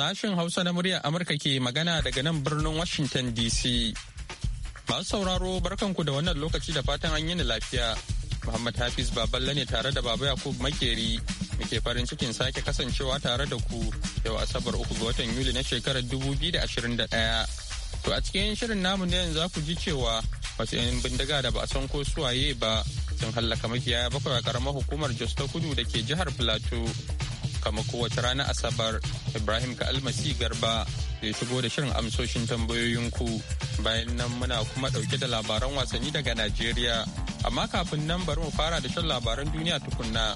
Sashen Hausa na muryar Amurka ke magana daga nan birnin Washington DC. Masu sauraro barkanku da wannan lokaci da fatan an yi ni lafiya. Muhammad Hafiz Baballe ne tare da Baba Yakub Makeri muke farin cikin sake kasancewa tare da ku yau Asabar uku ga watan Yuli na shekarar dubu biyu da da ashirin 2021. To a cikin shirin namu na yanzu za ku ji cewa wasu 'yan bindiga da ba a san ko suwaye ba sun hallaka makiyaya bakwai a karamar hukumar Jos ta Kudu da ke jihar Plateau. kamar kowace rana asabar ibrahim ka almasi garba ya shigo da shirin amsoshin tambayoyin ku bayan nan muna kuma dauke da labaran wasanni daga najeriya amma kafin nan bari mu fara da shan labaran duniya tukunna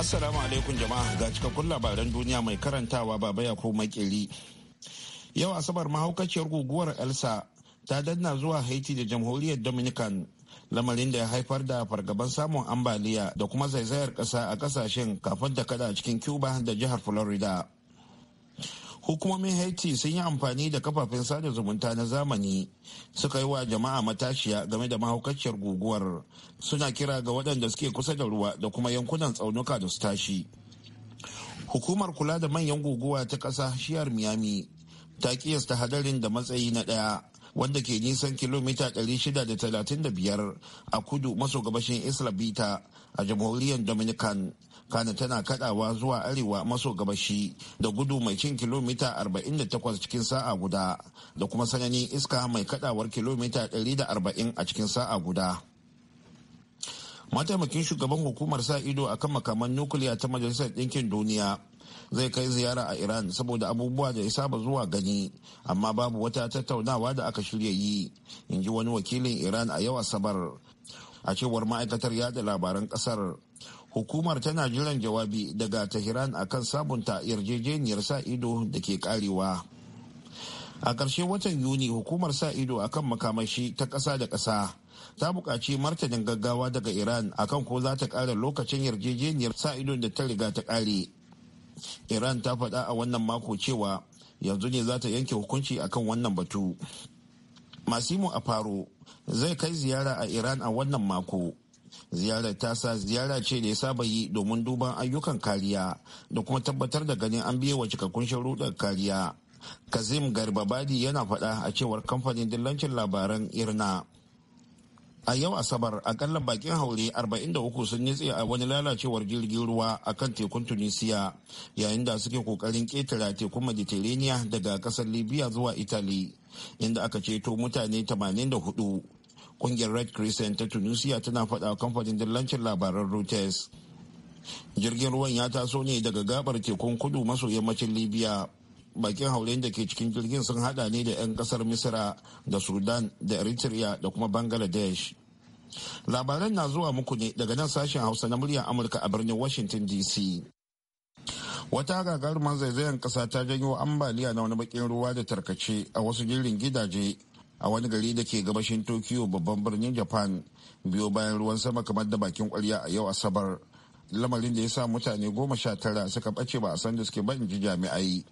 Assalamu alaikum jama'a ga cikakkun labaran duniya mai karantawa baba ya ko makeri Yau Asabar mahaukaciyar guguwar Elsa ta danna zuwa haiti da jamhuriyar dominican lamarin da ya haifar da fargaban samun ambaliya da kuma zaizayar ƙasa a ƙasashen kafin ta kada cikin cuba da jihar florida hukumomin haiti sun yi amfani da kafafen sada zumunta na zamani suka yi wa jama'a matashiya game da mahaukaciyar guguwar suna kira ga waɗanda suke kusa da ruwa da kuma yankunan tsaunuka da su tashi hukumar kula da manyan guguwa ta ƙasa shiyar miami ta kiyasta hadarin da matsayi na ɗaya wanda ke nisan kilomita 635 a kudu maso gabashin isla bita a jamhuriyar dominican kana tana kadawa zuwa arewa maso gabashi da gudu mai cin kilomita 48 cikin sa'a guda da kuma sananin iska mai kadawar kilomita 140 a cikin sa'a guda mataimakin shugaban hukumar sa ido akan makaman nukiliya ta majalisar ɗinkin duniya zai kai ziyara a iran saboda abubuwa da ya saba zuwa gani amma babu wata tattaunawa da aka shirya yi in ji wani wakilin iran a yau asabar a cewar ma'aikatar yada labaran kasar hukumar tana jiran jawabi daga tehran akan sabunta yarjejeniyar sa ido da ke karewa a ƙarshe watan yuni hukumar sa ido akan makamashi ta ƙasa da ƙasa ta buƙaci martanin gaggawa daga iran akan ko za ta ƙara lokacin yarjejeniyar sa ido da ta riga ta ƙare iran ta faɗa a wannan mako cewa yanzu ne za ta yanke hukunci akan wannan batu masimu afaro zai kai ziyara a iran a wannan mako ziyarar tasa ziyara ce da ya saba yi domin duban ayyukan kariya da kuma tabbatar da ganin an biye wa cikakkun sharuɗar kariya kazim garbabadi yana faɗa a cewar kamfanin dillancin labaran irna a yau asabar akalla bakin haure 43 sun nitse a wani lalacewar jirgin ruwa a kan tekun tunisia yayin da suke kokarin ketare tekun mediterania daga kasar libya zuwa italy inda aka ceto mutane 84 kungiyar red crescent ta tunisia tana faɗa kamfanin dillancin labaran reuters jirgin ruwan ya taso ne daga gabar tekun kudu maso yammacin libya bakin haulen da ke cikin jirgin sun hada ne da 'yan kasar misira da sudan da eritrea da kuma bangladesh labaran na zuwa muku ne daga nan sashen hausa na muryar amurka a birnin washington dc wata gagarumar zaizayen kasa ta janyo ambaliya na wani bakin ruwa da tarkace a wasu jirgin gidaje a wani gari da ke gabashin tokyo babban birnin japan biyo bayan ruwan sama kamar da bakin kwarya a yau asabar lamarin da ya sa mutane goma sha tara suka bace ba a san da suke ba in ji jami'ai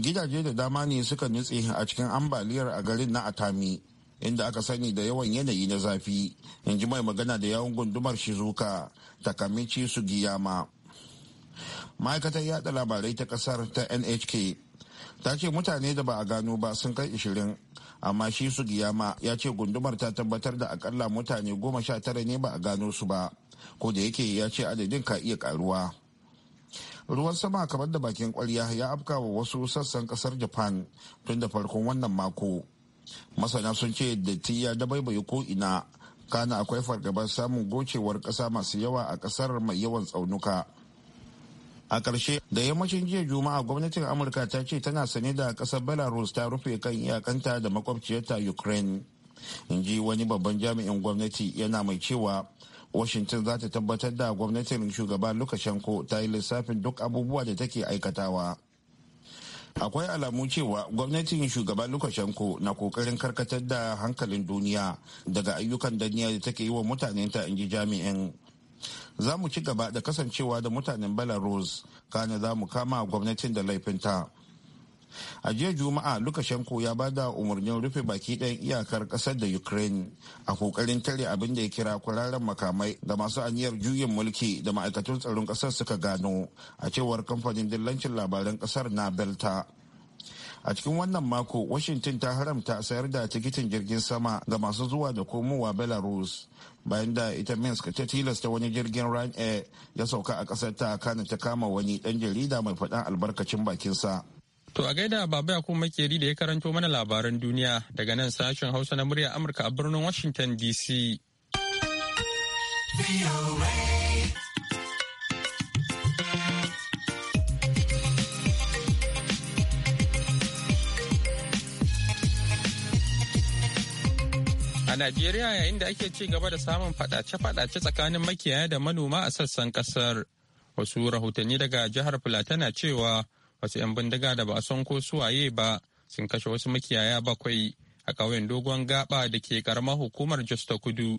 gidaje da dama ne suka nutse a cikin ambaliyar a garin na atami inda aka sani da yawan yanayi na zafi in ji mai magana da yawan gundumar shizuka takamici su giyama ma'aikatar yada labarai ta kasar ta nhk ta ce mutane da ba a gano ba sun kai ishirin amma shi su giyama ya ce gundumar ta tabbatar da akalla mutane goma sha tara ne ba a gano su ba ko da yake ya ce adadin ka iya karuwa ruwan sama kamar da bakin kwarya ya afka wa wasu sassan kasar japan tun da farkon wannan mako masana sun ce datti ya ko ina kana akwai fargabar samun gocewar kasa masu yawa a kasar mai yawan tsaunuka a ƙarshe da yammacin jiya juma'a gwamnatin amurka ta ce tana sane da ƙasar belarus ta rufe kan iyakanta da makwabciyarta ukraine in ji wani babban jami'in gwamnati yana mai cewa washington za ta tabbatar da gwamnatin shugaba lukashenko ta yi lissafin duk abubuwa da take aikatawa akwai alamu cewa gwamnatin shugaba lukashenko na kokarin karkatar da hankalin duniya daga ayyukan danniya da take yi wa mutanen in ji jami'in za mu ci gaba da kasancewa da mutanen belarus kana za mu kama gwamnatin da laifinta a jiya juma'a lukashenko ya ba da umarnin rufe baki ɗayan iyakar ƙasar da ukraine a kokarin tare abin da ya kira kwararren makamai da masu aniyar juyin mulki da ma'aikatun tsaron ƙasar suka gano a cewar kamfanin dillancin labaran ƙasar na belta a cikin wannan mako washington ta haramta sayar da tikitin jirgin sama ga masu zuwa da komowa belarus bayan da ita minsk ta tilasta wani jirgin ryanair ya sauka a ƙasar ta kana ta kama wani ɗan jarida mai faɗan albarkacin bakinsa To a gaida baba ya kuma makeri da ya karanto mana labaran duniya daga nan sashen Hausa na murya Amurka a birnin Washington DC. A Najeriya yayin da ake ci gaba da samun fadace-fadace tsakanin makiyaya da manoma a sassan kasar. Wasu rahotanni daga jihar na cewa wasu 'yan bindiga da ba a san ko suwaye ba sun kashe wasu makiyaya bakwai a ƙauyen dogon gaba da ke karamar hukumar jos kudu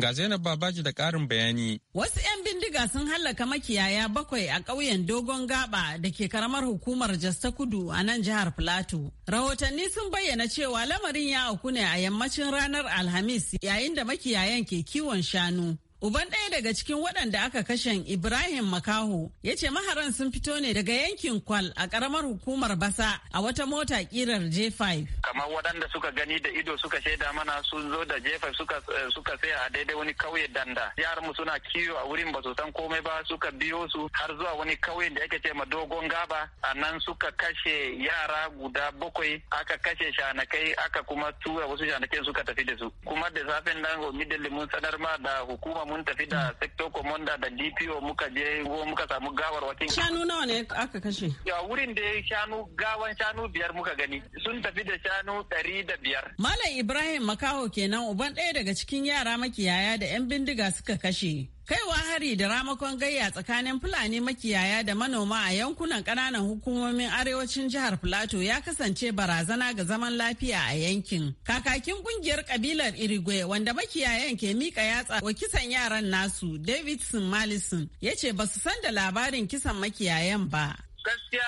ga zainab babaji da ƙarin bayani wasu 'yan bindiga sun hallaka makiyaya bakwai a ƙauyen dogon gaba da ke karamar hukumar jos kudu a nan jihar plateau rahotanni sun bayyana cewa lamarin ya auku ne a yammacin ranar alhamis yayin da makiyayan ke kiwon shanu Uban ɗaya daga cikin waɗanda aka kashe Ibrahim Makaho ya ce maharan sun fito ne daga yankin Kwal a ƙaramar hukumar Basa a wata mota kirar J5. Kamar waɗanda suka gani da ido suka shaida mana sun zo da J5 suka, eh, suka saya a daidai wani kauye danda. Yaran mu suna kiwo a wurin ba su san komai ba suka biyo su har zuwa wani kauye da ake ce ma dogon gaba a nan suka kashe yara guda bakwai aka kashe shanakai aka kuma tura wasu shanakai suka tafi da su. Kuma da safen nan Omidele mun sanar ma da hukumar mun tafi da sector commander da DPO muka je ko muka samu gawar wakin. Shanu nawa ne aka kashe? Ya wurin da shanu gawan shanu biyar muka gani sun tafi da shanu ɗari da biyar. Malam Ibrahim Makaho kenan uban ɗaya daga cikin yara makiyaya da 'yan bindiga suka kashe. Kaiwa hari da ramakon gayya tsakanin Fulani makiyaya da manoma a yankunan ƙananan hukumomin arewacin jihar Filato ya kasance barazana ga zaman lafiya a yankin. Kakakin kungiyar kabilar Irigwe wanda makiyayan ke mika yatsa wa kisan yaran nasu Davidson Malison ya ce ba su san da labarin kisan makiyayan ba. Gaskiya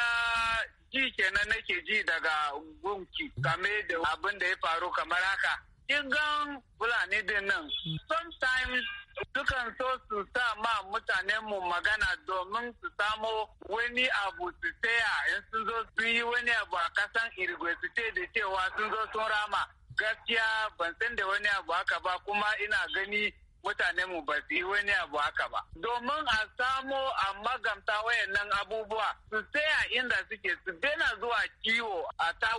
ji nake ji daga gunki game da abin da ya faru kamar haka. Kin Fulani din nan. Sometimes dukan so su sa ma mutanen mu magana domin su samo wani abu su tsaya in sun zo su yi wani abu a kasan irigwe su ce da cewa sun zo sun rama gaskiya ban san da wani abu haka ba kuma ina gani mutanen mu ba su yi wani abu haka ba. Domin a samo a magamta wayannan abubuwa su tsaya inda suke su daina zuwa kiwo a ta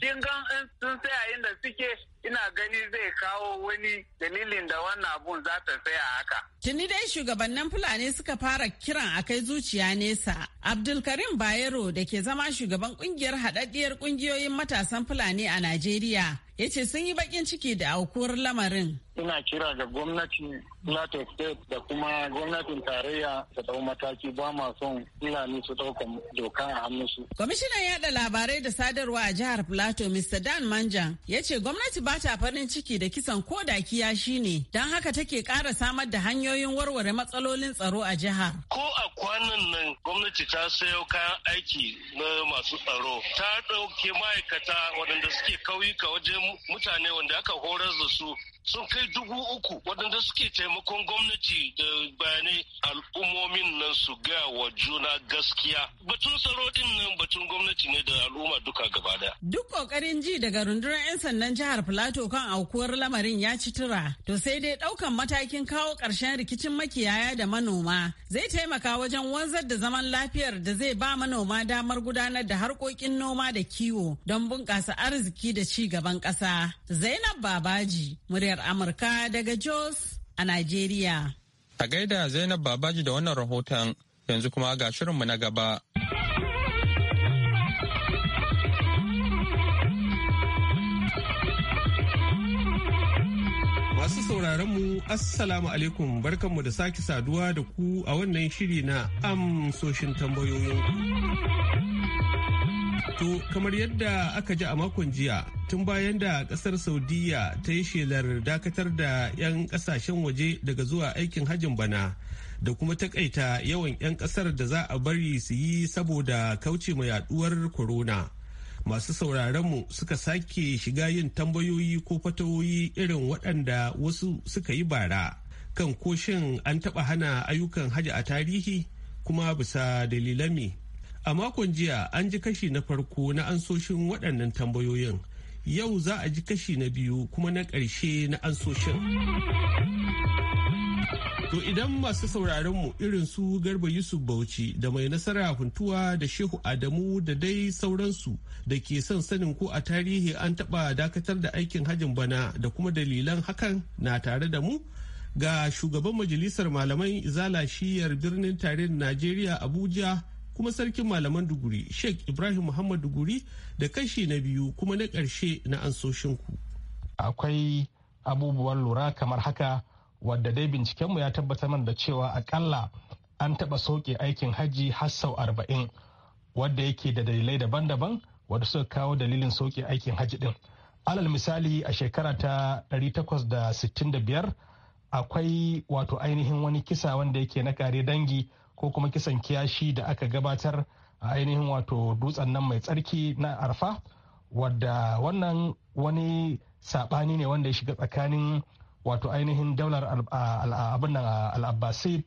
kin gan in sun tsaya inda suke ina gani zai kawo wani dalilin da wannan abun za ta tsaya haka. Tuni dai shugabannin Fulani suka fara kiran a kai zuciya nesa. Abdulkarim Bayero da ke zama shugaban kungiyar haɗaɗɗiyar kungiyoyin matasan Fulani a Najeriya ya ce sun yi bakin ciki da aukuwar lamarin. Ina kira ga gwamnati Plateau State da kuma gwamnatin tarayya da ɗau mataki ba ma son Fulani su ɗauka doka a hannunsu. Kwamishinan yaɗa labarai da sadarwa a jihar Plateau Mr. Dan Manjan ya ce gwamnati ba ta farin ciki da kisan ko da kiyashi ne don haka take ƙara samar da hanyoyin warware matsalolin tsaro a jihar. Ko a kwanan nan gwamnati ta sayo kayan aiki na masu tsaro ta ɗauke ma'aikata waɗanda suke kauyuka wajen mutane wanda aka horar da su sun kai dubu uku waɗanda suke taimakon gwamnati da bayanai al'ummomin nan su ga wa juna gaskiya batun tsaro din nan batun gwamnati ne da al'umma duka gaba daya duk kokarin ji daga rundunar 'yan sandan jihar plateau kan aukuwar lamarin ya ci tura to sai dai ɗaukan matakin kawo ƙarshen rikicin makiyaya da manoma zai taimaka wajen wanzar da zaman lafiyar da zai ba manoma damar gudanar da harkokin noma da kiwo don bunƙasa arziki da ci gaban ƙasa zainab babaji murya muryar Amurka daga Jos a Najeriya. A gaida Zainab Babaji da wannan rahoton yanzu kuma ga shirinmu na gaba. Masu sauraronmu Assalamu alaikum barkanmu da sake saduwa da ku a wannan shiri na amsoshin tambayoyin. To kamar yadda aka ji a makon jiya tun bayan da kasar Saudiya ta yi shelar dakatar da 'yan kasashen waje daga zuwa aikin hajin bana da kuma takaita yawan 'yan kasar da za a bari su yi saboda kauce mai yaduwar corona. masu sauraronmu suka sake shiga yin tambayoyi ko fatawoyi irin waɗanda wasu suka yi bara kan ko shin an taɓa hana ayyukan hajji a tarihi kuma bisa dalilami A makon jiya an ji kashi na farko na ansoshin waɗannan tambayoyin. Yau za a ji kashi na biyu kuma na ƙarshe na ansoshin. To idan masu sauraron mu irin su Garba Yusuf Bauchi da mai nasara huntuwa da Shehu Adamu da dai sauransu da ke son sanin ko a tarihi an taɓa dakatar da aikin hajin bana da kuma dalilan hakan na tare da mu ga shugaban majalisar malamai izala shiyar birnin tarihin Najeriya Abuja kuma sarkin malaman duguri sheikh ibrahim muhammad duguri da kashi na biyu kuma na ƙarshe na ansoshinku akwai abubuwan lura kamar haka wadda dai bincikenmu ya tabbatar mana da cewa akalla an taɓa soke aikin hajji har sau arba'in wadda yake da dalilai daban-daban wadda suka kawo dalilin soke aikin hajji din alal misali a shekara ta 865 akwai wato ainihin wani kisa wanda yake na kare dangi ko kuma kisan kiyashi da aka gabatar a ainihin wato dutsen nan mai tsarki na arfa wadda wannan wani saɓani ne wanda ya shiga tsakanin wato ainihin daular abin al'abbasi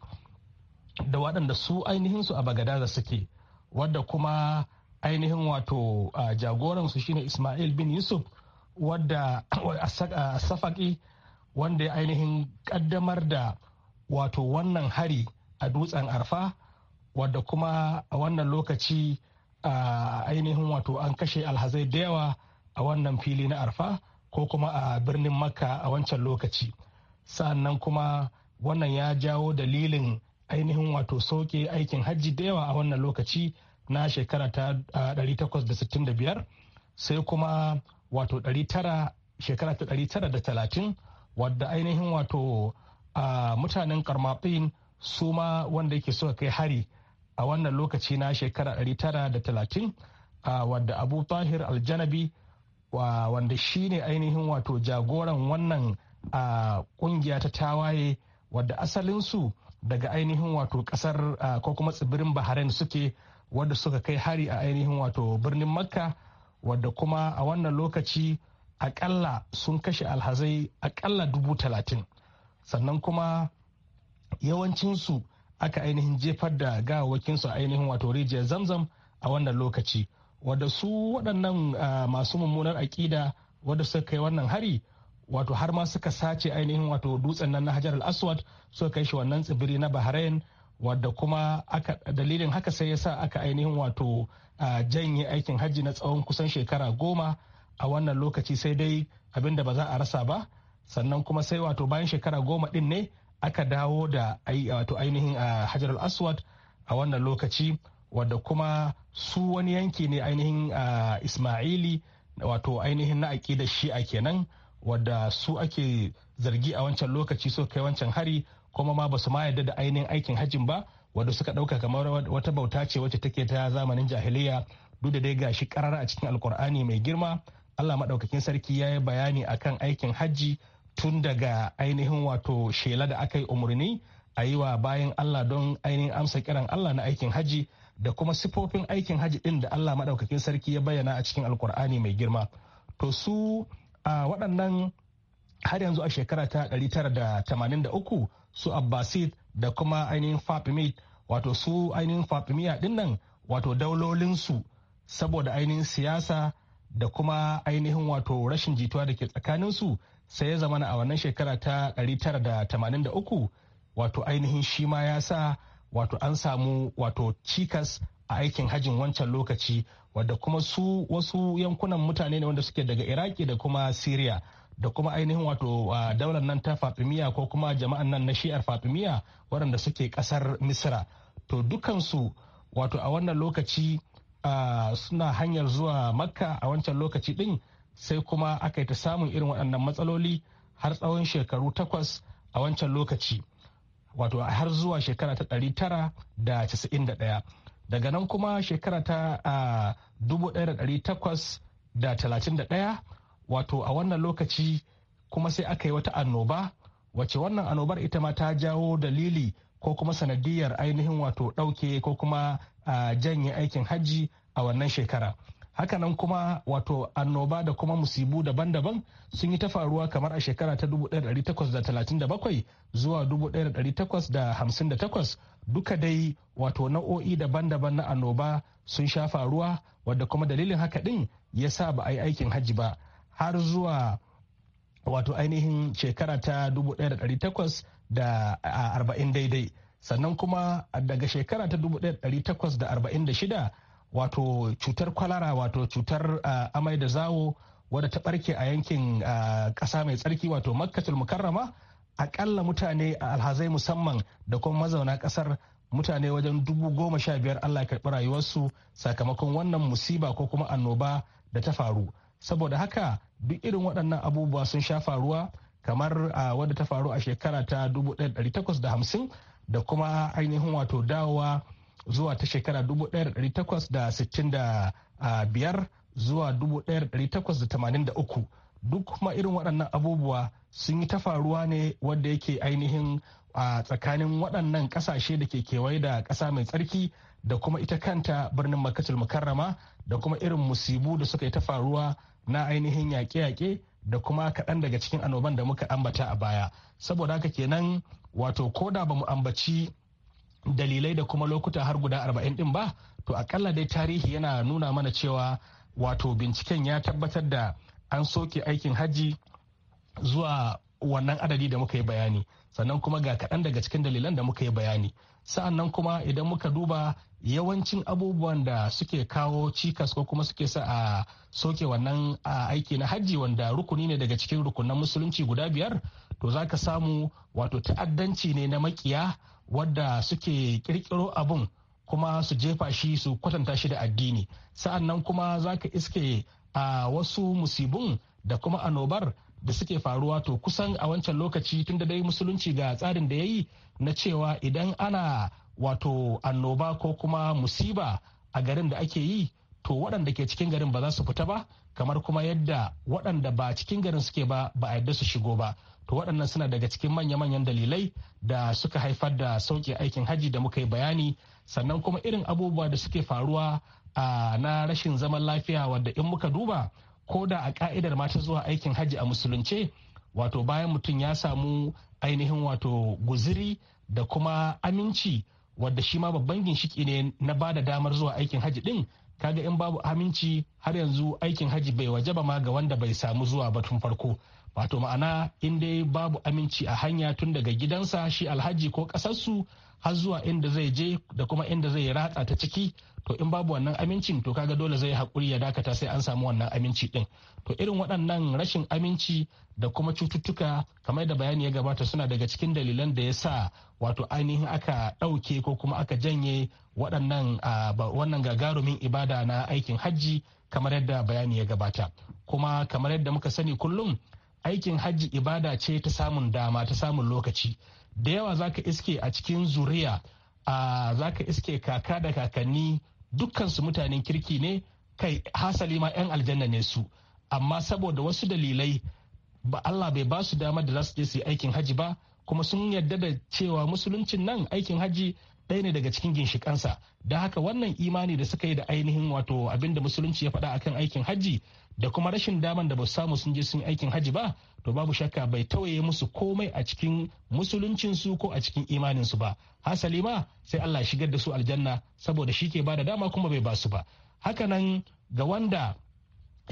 da waɗanda su ainihin su a bagadaza suke wadda kuma ainihin wato jagoransu shine ismail bin yusuf wadda a safaki wanda ya ainihin kaddamar da wato wannan hari a dutsen arfa wadda kuma a wannan lokaci a ainihin wato an kashe alhazai da yawa a wannan fili na arfa ko kuma a birnin makka a wancan lokaci sa'annan kuma wannan ya jawo dalilin ainihin wato soke aikin hajji da yawa a wannan lokaci na shekara ta 865 sai kuma wato shekara ta 930 wadda ainihin wato a mutanen karmatsin su ma wanda yake suka kai hari a wannan lokaci na shekara 930 wadda abu tahir aljanabi wanda shine ainihin wato jagoran wannan a kungiya ta tawaye wadda asalinsu daga ainihin wato kasar ko kuma tsibirin bahrain suke wadda suka kai hari a ainihin wato birnin makka wadda kuma a wannan lokaci akalla sun kashe alhazai akalla dubu talatin sannan kuma yawancinsu aka ainihin jefar da gawakinsu ainihin wato rijiyar zamzam a wannan lokaci wadda su waɗannan ah, masu mummunar aƙida wadda suka kai wannan hari wato har ma suka sace ainihin wato dutsen nan na hajar al-aswad suka kai shi wannan tsibiri na bahrain wadda kuma dalilin haka sai ya sa aka ainihin wato ah, janye aikin hajji na tsawon kusan shekara goma a wannan lokaci sai dai abin da ba za a rasa ba sannan kuma sai wato bayan shekara goma din ne aka dawo da wato ainihin a hajar al-aswad a wannan lokaci wadda kuma su wani yanki ne ainihin a ismaili wato ainihin na aƙidar shi'a kenan wadda su ake zargi a wancan lokaci so kai wancan hari kuma ma ba su ma yarda da ainihin aikin hajjin ba wadda suka ɗauka kamar wata bauta ce wacce take ta zamanin jahiliya duk da dai gashi karara a cikin alkur'ani mai girma allah maɗaukakin sarki ya yi bayani akan aikin hajji tun daga ainihin wato shela da aka yi umarni a yi wa bayan allah don ainihin amsa kiran allah na aikin hajji da kuma sifofin aikin hajji ɗin da allah maɗaukakin sarki ya bayyana a cikin alkur'ani mai girma to su a waɗannan har yanzu a shekara ta tara da 983 su abbasid da kuma ainihin fatimid wato su ainihin ɗin nan wato daulolinsu saboda ainihin siyasa da kuma ainihin wato rashin jituwa da ke tsakaninsu sai ya zamana a wannan shekara ta 983 wato ainihin shi ma ya sa wato an samu wato cikas a aikin hajin wancan lokaci wadda kuma su wasu yankunan mutane ne wanda suke daga iraki da kuma Siriya da kuma ainihin wato daular nan ta fatimiyya ko kuma jama'an nan na shi'ar fatimiyya waɗanda suke ƙasar misira to dukansu wato a wannan lokaci suna hanyar zuwa makka a wancan lokaci din sai kuma aka yi ta samun irin waɗannan matsaloli har tsawon shekaru takwas a wancan lokaci wato har zuwa shekara ta ɗari tara da casa'in da ɗaya daga nan kuma shekara ta dubu ɗaya da ɗari takwas da talatin da ɗaya wato a wannan lokaci kuma sai aka yi wata annoba wace wannan annobar ita ma ta jawo dalili ko kuma sanadiyar ainihin wato ɗauke ko kuma janye aikin hajji a wannan shekara hakanan kuma wato annoba da kuma musibu daban-daban sun yi ta faruwa kamar a shekara ta 1837 zuwa 1858 duka dai wato nau'o'i daban-daban na annoba sun sha faruwa wadda kuma dalilin haka din ya sa ba a yi aikin hajji ba har zuwa wato ainihin shekara ta 1800 da arba'in daidai sannan kuma daga shekara ta da da arba'in 1846 wato cutar kwalara wato cutar amai da zawo wadda ta barke a yankin ƙasa mai tsarki wato makkatul mukarrama akalla mutane a alhazai musamman da kuma mazauna ƙasar mutane wajen dubu goma sha biyar allah karɓi rayuwarsu sakamakon wannan musiba ko kuma annoba da ta faru saboda haka duk irin waɗannan abubuwa sun sha faruwa kamar wadda ta faru a shekara ta 1850 da kuma ainihin wato dawowa zuwa ta shekara 1865 zuwa 1883 duk kuma irin waɗannan abubuwa sun yi ta faruwa ne wadda yake ainihin a tsakanin waɗannan ƙasashe da ke kewaye da ƙasa mai tsarki da kuma ita kanta birnin makatul mukarrama da kuma irin musibu da suka yi ta faruwa na ainihin yaƙe-yaƙe da kuma kaɗan daga cikin annoban da muka ambata a baya saboda haka kenan wato koda ba mu ambaci dalilai da kuma lokuta har guda arba'in din ba to akalla dai tarihi yana nuna mana cewa wato binciken ya tabbatar da an soke aikin hajji zuwa wannan adadi da muka yi bayani sannan kuma ga kaɗan daga cikin dalilan da muka yi bayani sa'annan kuma idan muka duba yawancin abubuwan da suke kawo cikas ko kuma suke sa a soke wannan aiki na hajji wanda rukuni ne daga cikin rukunan musulunci guda biyar to za ka samu wato ta'addanci ne na makiya wadda suke kirkiro abun kuma su jefa shi su kwatanta shi da addini sa'annan kuma za ka iske a wasu musibin da kuma annobar da suke faruwa to kusan a wancan lokaci tun da dai musulunci ga tsarin da ya yi na cewa idan ana wato annoba ko kuma musiba a garin da ake yi to waɗanda ke cikin garin ba za su fita ba kamar kuma yadda waɗanda ba cikin garin suke ba ba a yadda su shigo ba to waɗannan suna daga cikin manya-manyan dalilai da suka haifar da sauƙi aikin hajji da muka yi bayani sannan kuma irin abubuwa da suke faruwa na rashin zaman lafiya wadda in muka duba ko da a ka'idar mata zuwa aikin hajji a musulunce wato bayan mutum ya samu ainihin wato guziri da kuma aminci wadda shi ma babban ginshiki ne na ba da damar zuwa aikin hajji din kaga in babu aminci har yanzu aikin haji bai waje ba ma ga wanda bai samu zuwa ba tun farko wato ma'ana in dai babu aminci a hanya tun daga gidansa shi alhaji ko kasarsu har zuwa inda zai je da kuma inda zai ratsa ta ciki to in babu wannan amincin to kaga dole zai hakuri ya dakata sai an samu wannan aminci din to irin waɗannan rashin aminci da kuma cututtuka kamar da bayani ya gabata suna daga cikin dalilan da ya sa wato ainihin aka ɗauke ko kuma aka janye waɗannan wannan gagarumin ibada na aikin hajji kamar yadda bayani ya gabata kuma kamar yadda muka sani kullum aikin hajji ibada ce ta samun dama ta samun lokaci da yawa za ka iske a cikin zuriya za ka iske kaka da kakanni dukkansu mutanen kirki ne kai hasali ma 'yan aljanna ne su amma saboda wasu dalilai ba Allah bai ba su dama da za su je su yi aikin hajji ba kuma sun yarda da cewa musuluncin nan aikin hajji ɗaya ne daga cikin ginshikansa da haka wannan imani da suka yi da ainihin wato abin da musulunci ya faɗa akan aikin hajji da kuma rashin daman da ba samu sun je sun aikin hajji ba to babu shakka bai tauye musu komai a cikin musuluncinsu ko a cikin imaninsu ba hasali ma sai Allah shigar da su aljanna saboda shi ke ba da dama kuma bai basu ba hakanan ga wanda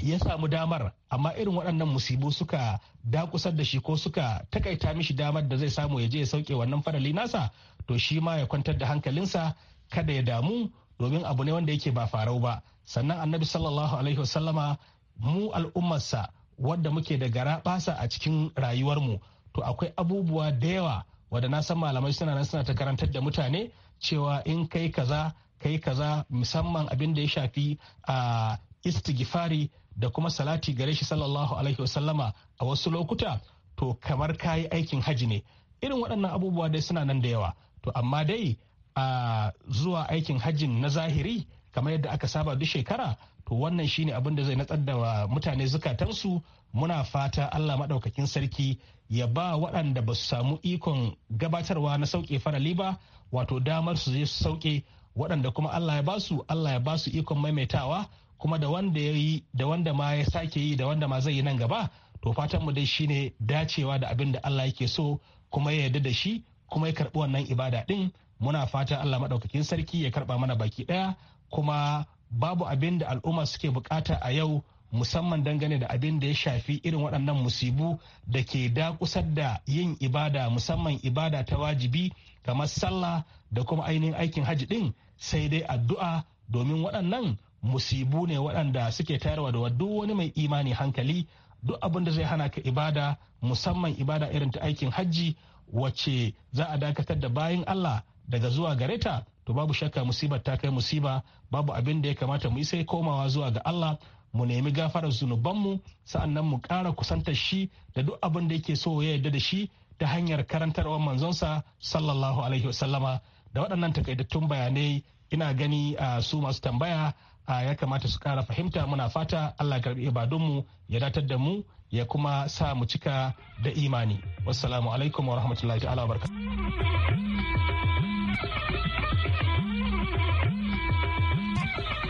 ya samu damar amma irin waɗannan musibu suka dakusar da shi ko suka takaita mishi damar da zai samu ya je ya sauke wannan farali nasa to shi ma ya kwantar da hankalinsa kada ya damu domin abu ne wanda yake ba farau ba sannan annabi sallallahu alaihi wasallama mu al'ummarsa wadda muke da gara basa a cikin rayuwarmu to akwai abubuwa da yawa wadda na san malamai suna nan suna ta karantar da mutane cewa in kai kaza kai kaza musamman abin da ya shafi a ah, istighfari da kuma salati gare shi sallallahu alaihi wasallama a wasu lokuta to kamar kayi aikin haji ne irin waɗannan abubuwa dai suna nan da yawa to amma dai a zuwa aikin hajjin na zahiri kamar yadda aka saba duk shekara to wannan shine abin da zai natsar da mutane su muna fata allah maɗaukakin sarki ya ba waɗanda ba su samu ikon gabatarwa na sauke farali ba wato damar su je su sauke waɗanda kuma allah ya ba allah ya ba su ikon maimaitawa kuma da wanda ya yi da wanda ma ya sake yi da wanda ma zai yi nan gaba to fatan mu dai shine dacewa da abin da Allah yake so kuma ya yarda da shi kuma ya karbi wannan ibada din muna fatan Allah madaukakin sarki ya karba mana baki daya kuma babu abin da al'umma suke bukata a yau musamman dangane da abin da ya shafi irin waɗannan musibu da ke da dakusar da yin ibada musamman ibada ta wajibi kamar sallah da kuma ainihin aikin hajji din sai dai addu'a domin waɗannan musibu ne waɗanda suke tayarwa da duk wani mai imani hankali duk abin da zai hana ka ibada musamman ibada irin ta aikin hajji wacce za a dakatar da bayan Allah daga zuwa gare ta to babu shakka musibar ta kai musiba babu abin da ya kamata mu yi sai komawa zuwa ga Allah mu nemi gafarar zunubanmu sa'annan mu ƙara kusantar shi da duk abin da yake so ya yarda da shi ta hanyar karantarwar manzonsa sallallahu alaihi wasallama da waɗannan takaitattun bayanai ina gani a su masu tambaya a ya kamata su kara fahimta muna fata allah karbi ibadunmu ya datar da mu ya kuma sa mu cika da imani wassalamu alaikum wa rahmatullahi ta'ala wa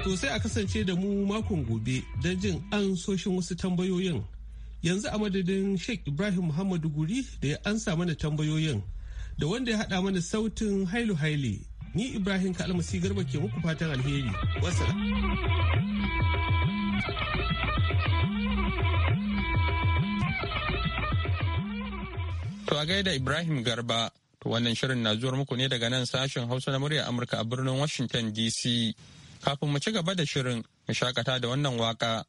To sai a kasance da mu makon gobe don jin an soshin wasu tambayoyin. Yanzu a madadin Sheikh Ibrahim Muhammadu Guri da ya ansa mana tambayoyin da wanda ya haɗa mana sautin hailu haili Ni Ibrahim Kalmasi Garba ke muku fatan alheri. Wassalam. To a gaida Ibrahim Garba, to wannan shirin na zuwar muku ne daga nan sashen Hausa na murya Amurka a birnin Washington DC. Kafin mu ci gaba da shirin, mu shakata da wannan waka.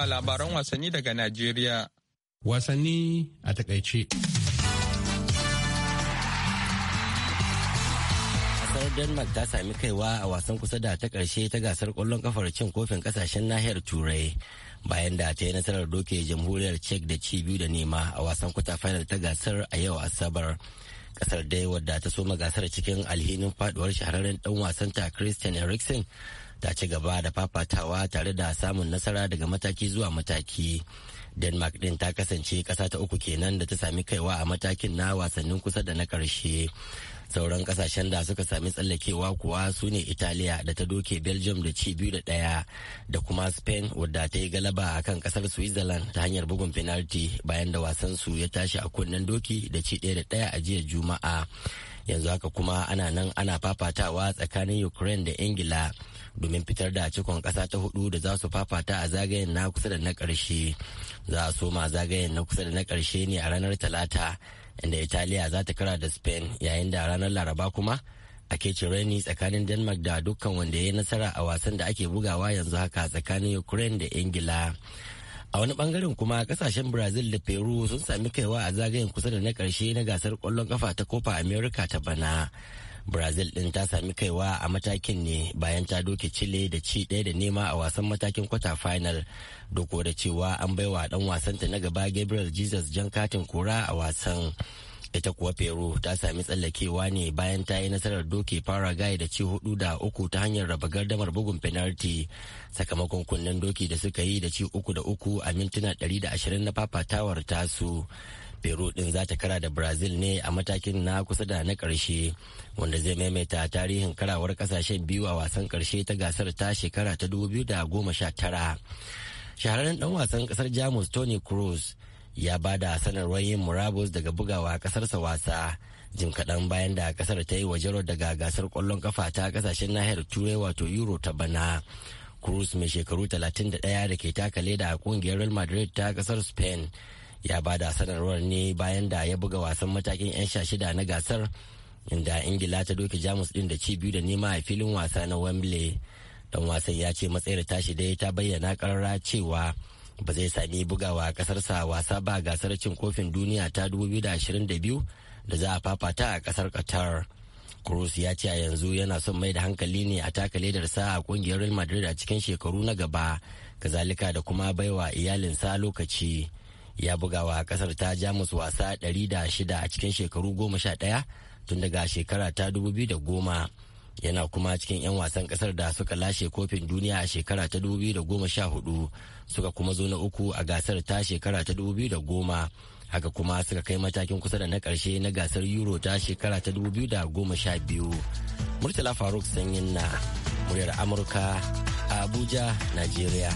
ga labaran wasanni daga Najeriya. Wasanni a takaice. Denmark ta sami kaiwa a wasan kusa da ta karshe ta gasar kwallon kafar cin kofin kasashen nahiyar Turai bayan da ta yi nasarar doke jamhuriyar Czech da ci biyu da nema a wasan kuta final ta gasar a yau Asabar. Kasar dai wadda ta soma gasar cikin alhinin faduwar shahararren dan wasanta Christian Eriksen ta ci gaba da fafatawa tare da samun nasara daga mataki zuwa mataki denmark din ta kasance kasa ta uku kenan da ta sami kaiwa a matakin na wasannin kusa da na karshe sauran kasashen da suka sami tsallakewa kuwa su ne italiya da ta doke belgium da ci biyu da ɗaya da kuma spain wadda ta yi galaba a kan ƙasar switzerland ta hanyar bugun penalty bayan da wasan su ya tashi a kunnen doki da ci daya da ɗaya a jiya juma'a yanzu haka kuma ana nan ana fafatawa tsakanin ukraine da ingila domin fitar da cikon kasa ta hudu da za su fafata a zagayen na kusa da na karshe za a soma zagayen na kusa da na karshe ne a ranar talata inda italiya za ta kara da spain yayin da ranar laraba kuma a keci reni tsakanin denmark da dukkan wanda ya yi nasara a wasan da ake bugawa yanzu haka tsakanin ukraine da ingila a wani bangaren kuma kasashen brazil da peru sun sami kaiwa a zagayen kusa da na karshe na gasar kwallon kafa ta copa america ta bana brazil din ta sami kaiwa a matakin ne bayan ta doke chile da ci ɗaya da nema a wasan matakin kwata final doko da cewa an baiwa dan wasanta na gaba gabriel jesus jan katin kura a wasan ita kuwa peru ta sami tsallakewa ne bayan ta yi nasarar doke gaye da ci hudu da uku ta hanyar raba gardamar bugun penalty sakamakon kunnen doki da suka yi da ci uku da uku a mintuna 120 na fafatawar tasu peru din za ta kara da brazil ne a matakin na kusa da na karshe wanda zai maimaita tarihin karawar kasashen biyu a wasan karshe ta gasar ta shekara ta 2019 shahararren dan wasan kasar jamus tony cruz ya ba da sanarwar yin murabus daga bugawa kasarsa wasa jim kaɗan bayan da kasar ta yi wa jaro daga gasar ƙwallon kafa ta kasashen nahiyar turai wato euro ta bana cruz mai shekaru 31 da ke takale da a ƙungiyar real madrid ta kasar spain ya ba da sanarwar ne bayan da ya buga wasan matakin 'yan sha shida na gasar inda ingila ta doke jamus ɗin da ci biyu da nema a filin wasa na wembley dan wasan ya ce matsayar tashi dai ta bayyana karara cewa ba zai sami bugawa a kasarsa wasa ba gasar cin kofin duniya ta 2022 da za a fafata a kasar qatar cruz ya ce a yanzu yana son mai da hankali ne a taka ledarsa a kungiyar real madrid a cikin shekaru na gaba kazalika da kuma baiwa iyalinsa lokaci ya bugawa a kasar ta jamus wasa 106 a cikin shekaru 11 tun daga shekara ta 2010 yana kuma cikin 'yan wasan kasar da suka lashe kofin duniya a shekara ta 2014 suka kuma zo na uku a gasar ta shekara ta goma haka kuma suka kai matakin kusa da na karshe na gasar euro ta shekara ta da goma sha biyu murtala faruk sanyin na muryar amurka a abuja nigeria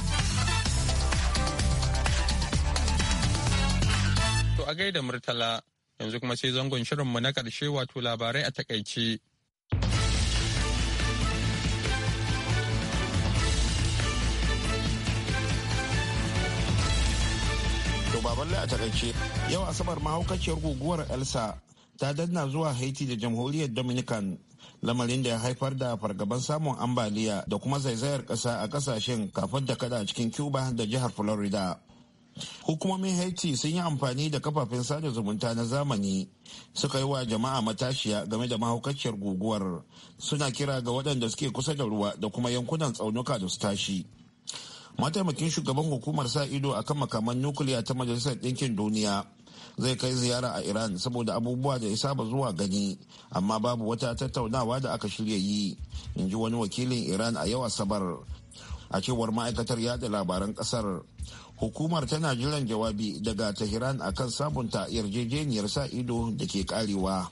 to a gaida murtala yanzu kuma sai zangon shirinmu na karshe wato labarai a takaice baballe a takaice yau asabar mahaukaciyar guguwar elsa ta danna zuwa haiti da jamhuriyar dominican lamarin da ya haifar da fargaban samun ambaliya da kuma zaizayar kasa a kasashen kafin da kada cikin cuba da jihar florida hukumomin haiti sun yi amfani da kafafen sada zumunta na zamani suka yi wa jama'a matashiya game da mahaukaciyar guguwar suna kira ga waɗanda suke kusa da ruwa da kuma yankunan tsaunuka da su tashi mataimakin shugaban hukumar sa ido a kan makaman nukiliya ta majalisar ɗinkin duniya zai kai ziyara a iran saboda abubuwa da ya saba zuwa gani amma babu wata tattaunawa da aka shirya yi in ji wani wakilin iran a yau asabar a cewar ma'aikatar yada labaran kasar hukumar tana jiran jawabi daga tehran akan sabunta yarjejeniyar sa ido da ke karewa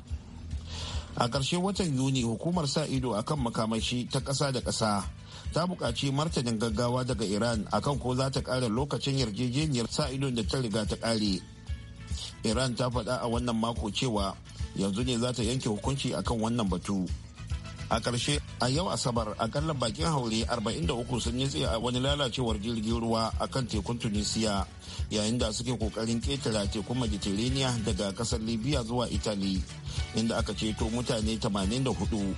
a ƙarshen watan yuni hukumar sa ido akan makamashi ta ƙasa da ƙasa ta buƙaci martanin gaggawa daga iran akan ko za ta ƙara lokacin yarjejeniyar sa idon da ta riga ta ƙare iran ta faɗa a wannan mako cewa yanzu ne za ta yanke hukunci akan wannan batu a ƙarshe a yau asabar akalla bakin haure 43 sun yi a wani lalacewar jirgin ruwa a kan tekun tunisia yayin da suke kokarin ketara tekun mediterranean daga ƙasar libya zuwa italy inda aka ceto mutane 84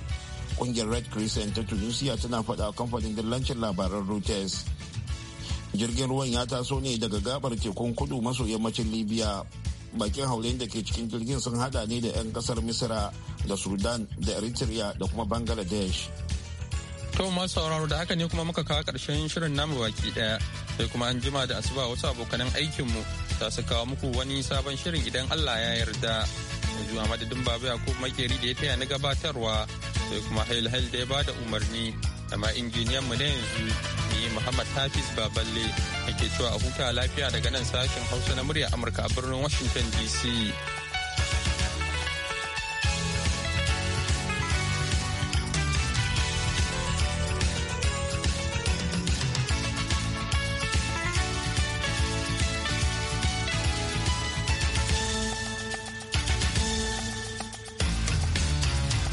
kungiyar red crescent ta tunisia tana faɗa kamfanin dillancin labaran reuters jirgin ruwan ya taso ne daga gabar tekun kudu maso yammacin libya bakin haulen da ke cikin jirgin sun hada ne da 'yan kasar misira da sudan da eritrea da kuma bangladesh to masu sauraro da haka ne kuma muka kawo karshen shirin namu baki daya sai kuma an jima da asuba wasu abokanan aikinmu za su kawo muku wani sabon shirin idan allah ya yarda yanzu a madadin babu ko makeri da ya taya na gabatarwa sai kuma hail hail da ya ba da umarni amma injiniyan mu na yanzu ni Muhammad Hafiz Baballe ake cewa a huta lafiya daga nan sashen Hausa na murya Amurka a birnin Washington DC.